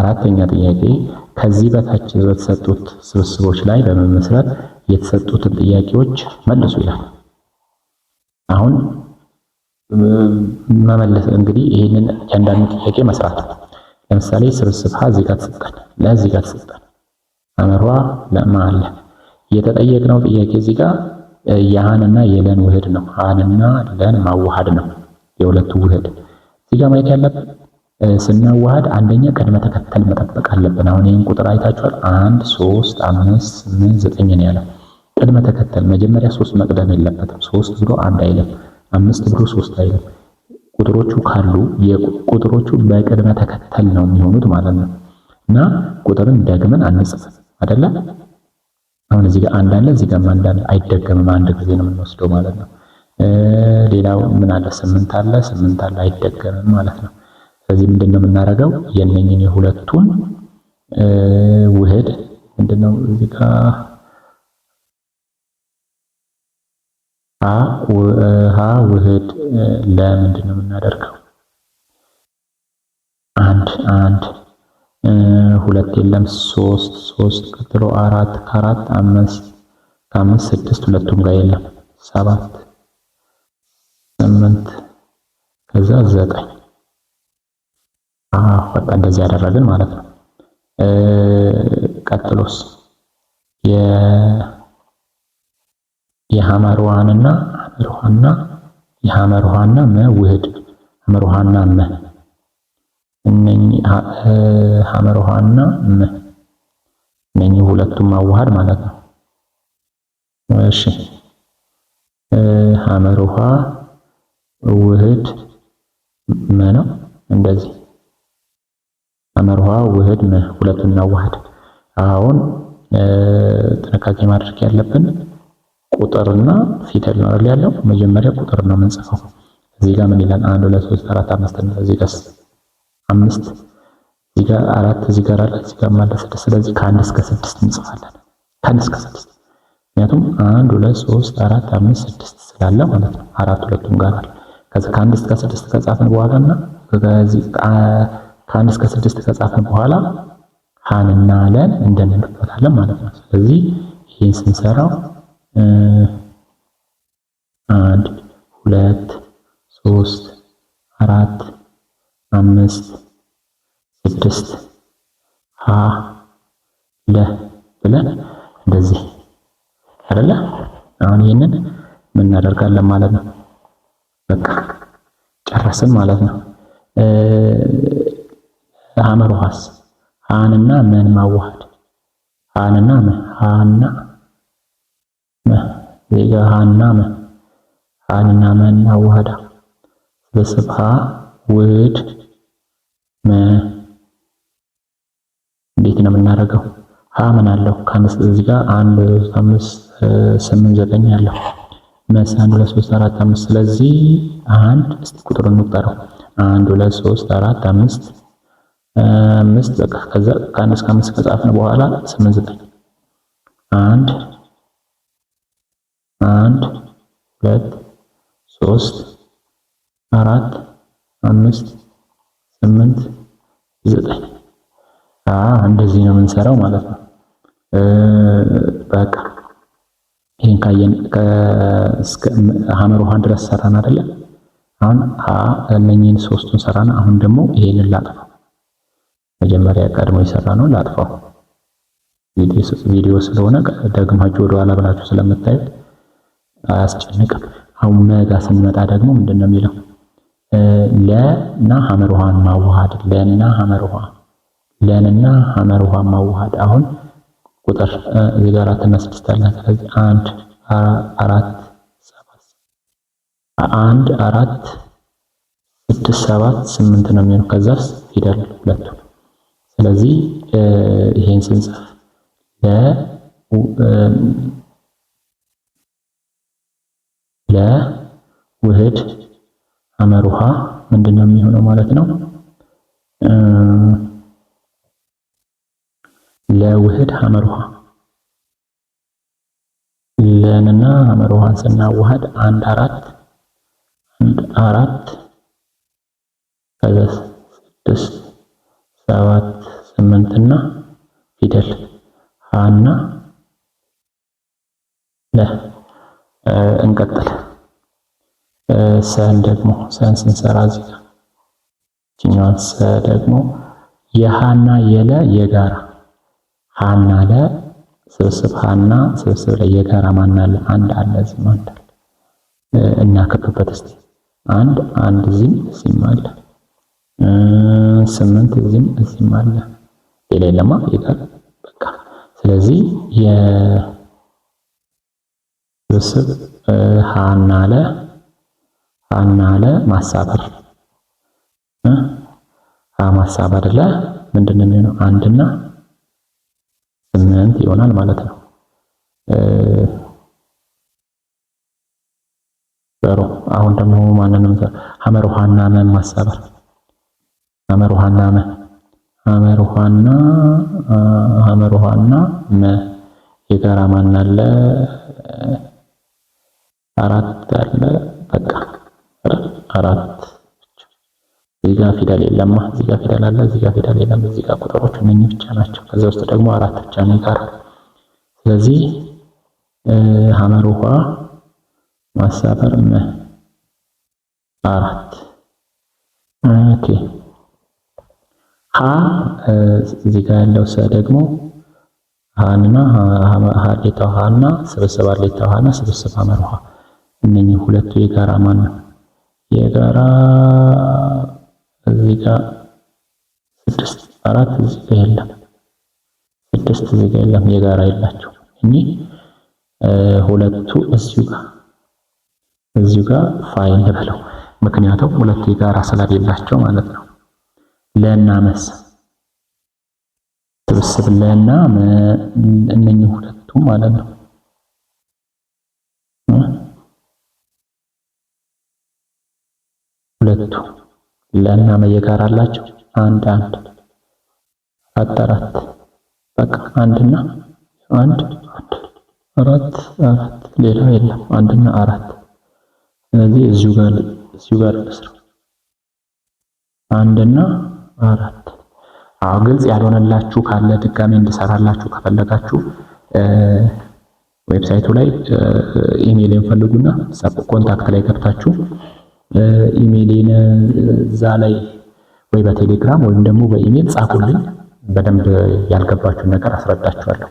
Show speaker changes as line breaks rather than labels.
አራተኛ ጥያቄ ከዚህ በታች በተሰጡት ስብስቦች ላይ በመመስረት የተሰጡትን ጥያቄዎች መልሱ ይላል። አሁን መመለስ እንግዲህ ይህንን እያንዳንዱ ጥያቄ መስራት ለምሳሌ ስብስብ ሀ እዚህ ጋር ተሰጠን፣ ለ እዚህ ጋር ተሰጠን፣ አመሯ ለማለ የተጠየቅነው ጥያቄ እዚህ ጋር የሀንና የለን ውህድ ነው። ሀንና ለን ማዋሃድ ነው፣ የሁለቱ ውህድ እዚህ ጋር ማየት ያለብን ስናዋሃድ አንደኛ ቅድመ ተከተል መጠበቅ አለብን። አሁን ይህን ቁጥር አይታችኋል። አንድ ሶስት አምስት ስምንት ዘጠኝ ነው ያለው ቅድመ ተከተል። መጀመሪያ ሶስት መቅደም የለበትም። ሶስት ብሎ አንድ አይልም፣ አምስት ብሎ ሶስት አይልም። ቁጥሮቹ ካሉ ቁጥሮቹ በቅድመ ተከተል ነው የሚሆኑት ማለት ነው። እና ቁጥርን ደግመን አንጽፍም አደለ? አሁን እዚህ ጋር አንድ አለ፣ እዚህ ጋር አንድ አለ። አይደገምም፣ አንድ ጊዜ ነው የምንወስደው ማለት ነው። ሌላው ምን አለ? ስምንት አለ፣ ስምንት አለ፣ አይደገምም ማለት ነው። ስለዚህ ምንድን ነው የምናደርገው? የነኝን የሁለቱን ውህድ ምንድን ነው እዚህ ጋር ሀ ውህድ ለምንድን ነው የምናደርገው? አንድ አንድ ሁለት የለም ሶስት ሶስት ቀጥሎ አራት ከአራት አምስት ከአምስት ስድስት ሁለቱም ጋር የለም ሰባት ስምንት ከዛ ዘጠኝ በቃ እንደዚህ ያደረግን ማለት ነው። ቀጥሎስ የ የሐመር ውሃንና ሐመር ውሃና የሐመር ውሃና መ ውህድ ሐመር ውሃና መ እነኚህ ሐመር ውሃና መ እነኚህ ሁለቱም ማዋሃድ ማለት ነው። እሺ ሐመር ውሃ ውህድ መ ነው እንደዚህ አመርሃ ውህድ ምህ ሁለቱን እናዋህድ። አሁን ጥንቃቄ ማድረግ ያለብን ቁጥርና ፊደል ነው አይደል ያለው። መጀመሪያ ቁጥር ነው የምንጽፈው። እዚህ ጋር ምን ይላል? 1 2 3 4 5 እና እዚህ ጋር 5 እዚህ ጋር 4 እዚህ ጋር አለ እዚህ ጋር ማለት 6። ስለዚህ ከአንድ እስከ 6 እንጽፋለን። ከአንድ እስከ 6 ምክንያቱም 1 2 3 4 5 6 ስላለ ማለት ነው። አራት ሁለቱም ጋር አለ። ከዚህ ከአንድ እስከ 6 ከጻፍን በኋላና ከዚህ ከአንድ እስከ ስድስት ከጻፈ በኋላ ሀንና ለን እንደምንመለከታለን ማለት ነው። ስለዚህ ይሄን ስንሰራው አንድ ሁለት ሶስት አራት አምስት ስድስት ሀ ለ ብለን እንደዚህ አይደለ? አሁን ይህንን ምን እናደርጋለን ማለት ነው። በቃ ጨረስን ማለት ነው። አእምሮ ሀስ ሃንና መን ማዋሃድ ሃንና መ ሀና መ ዜጋ ሀና መ ሀንና መን ማዋሃዳ ስብስብ ሀ ውድ መ እንዴት ነው የምናደርገው? ሀ ምን አለው? ከአምስት እዚህ ጋር አንድ አምስት ስምንት ዘጠኝ አለው መስ አንድ ሁለት ሶስት አራት አምስት ስለዚህ አንድ እስቲ ቁጥሩን እንቁጠረው አንድ ሁለት ሶስት አራት አምስት አምስት በቃ ከዛ ከአንድ እስከ አምስት ከጻፍን በኋላ ስምንት ዘጠኝ አንድ አንድ ሁለት ሶስት አራት አምስት ስምንት ዘጠኝ አ እንደዚህ ነው የምንሰራው ማለት ነው። በቃ ይሄን ካየን እስከ ሐመር ውሃን ድረስ ሰራን አይደለ? አሁን አ እነኚህን ሶስቱን ሰራና አሁን ደግሞ ይሄንን ላጥፋ መጀመሪያ ቀድሞ የሰራ ነው ላጥፋው። ቪዲዮ ስለሆነ ደግማችሁ ወደ ኋላ ብላችሁ ስለምታዩት አያስጨንቅም። አሁን መጋ ስንመጣ ደግሞ ምንድን ነው የሚለው ለና ሐመር ውሃን ማዋሃድ ለና ሐመር ውሃ ለንና ሐመር ውሃን ማዋሃድ አሁን ቁጥር እዚህ ጋር አራት እና ስድስት አለ። ስለዚህ አንድ አራት ሰባት አንድ አራት ስድስት ሰባት ስምንት ነው የሚሆነው። ከዛስ ፊደል ሁለቱም ስለዚህ ይሄን ስንጽፍ ለ ለ ውህድ ሐመር ውሃ ምንድን ነው የሚሆነው ማለት ነው። ለውህድ ሐመር ውሃ ለንና አመር ውሃን ስናዋሃድ አንድ አራት አንድ አራት ከዛ ስድስት ሰባት ስምንትና ፊደል ሀና ለ እንቀጥል። ሰን ደግሞ ሰን ስንሰራ እዚህ ጋር ይችኛዋን ሰ ደግሞ የሃና የለ የጋራ ሃና ለ ስብስብ ሃና ስብስብ ላይ የጋራ ማን አለ? አንድ አለ። እዚህም አንድ አለ። እናክብበት እስቲ አንድ አንድ እዚህም እዚህም አለ። ስምንት እዚህም እዚህም አለ። የሌለማ ይታል በቃ ስለዚህ የስብስብ ሃና ሃናለ ሃና ማሳበር አ ማሳበር ለ ምንድን ነው የሚሆነው? አንድና ስምንት ይሆናል ማለት ነው። ጥሩ አሁን ደግሞ ማንንም ሀመር ውሃና መ ማሳበር ሀመር ውሃና መ ሀመርኋና ውሃና መ የጋራ ማን አለ? አራት አለ። በቃ አራት እዚህ ፊደል የለማ። እዚህ ፊደል አለ፣ ዚጋ ፊደል የለም። እዚህ ቁጥሮች እነኚህ ብቻ ናቸው። ከዛ ውስጥ ደግሞ አራት ብቻ ነው የጋራ። ስለዚህ ውሃ ማሳፈር መ አራት ኦኬ ሀ እዚህ ጋር ያለው ሰ ደግሞ ሀና ሀሌታ ሀና ስብስብ ሀሌታ ሀና ስብስብ ሐመር እነኚህ ሁለቱ የጋራ ማን ነው? የጋራ እዚህ ጋር ስድስት አራት እዚህ ጋር የለም ስድስት እዚህ ጋር የለም የጋራ የላቸው እኚህ ሁለቱ እዚሁ ጋር እዚሁ ጋር ፋይል ብለው ምክንያቱም ሁለቱ የጋራ ስላሌላቸው ማለት ነው። ለና መስ ስብስብ ለና እነኚህ ሁለቱም ማለት ነው። ሁለቱ ለና መየጋር አላቸው። አንድ አንድ አራት አራት በቃ አንድና አንድ አንድ አራት አራት ሌላ የለም። አንድና አራት ስለዚህ እዚሁ ጋር እዚሁ ጋር አንድና አራት አዎ ግልጽ ያልሆነላችሁ ካለ ድጋሚ እንድሰራላችሁ ከፈለጋችሁ ዌብሳይቱ ላይ ኢሜይልን ፈልጉና ኮንታክት ላይ ገብታችሁ ኢሜይልን እዛ ላይ ወይ በቴሌግራም ወይም ደግሞ በኢሜይል ጻፉልኝ። በደንብ ያልገባችሁን ነገር አስረዳችኋለሁ።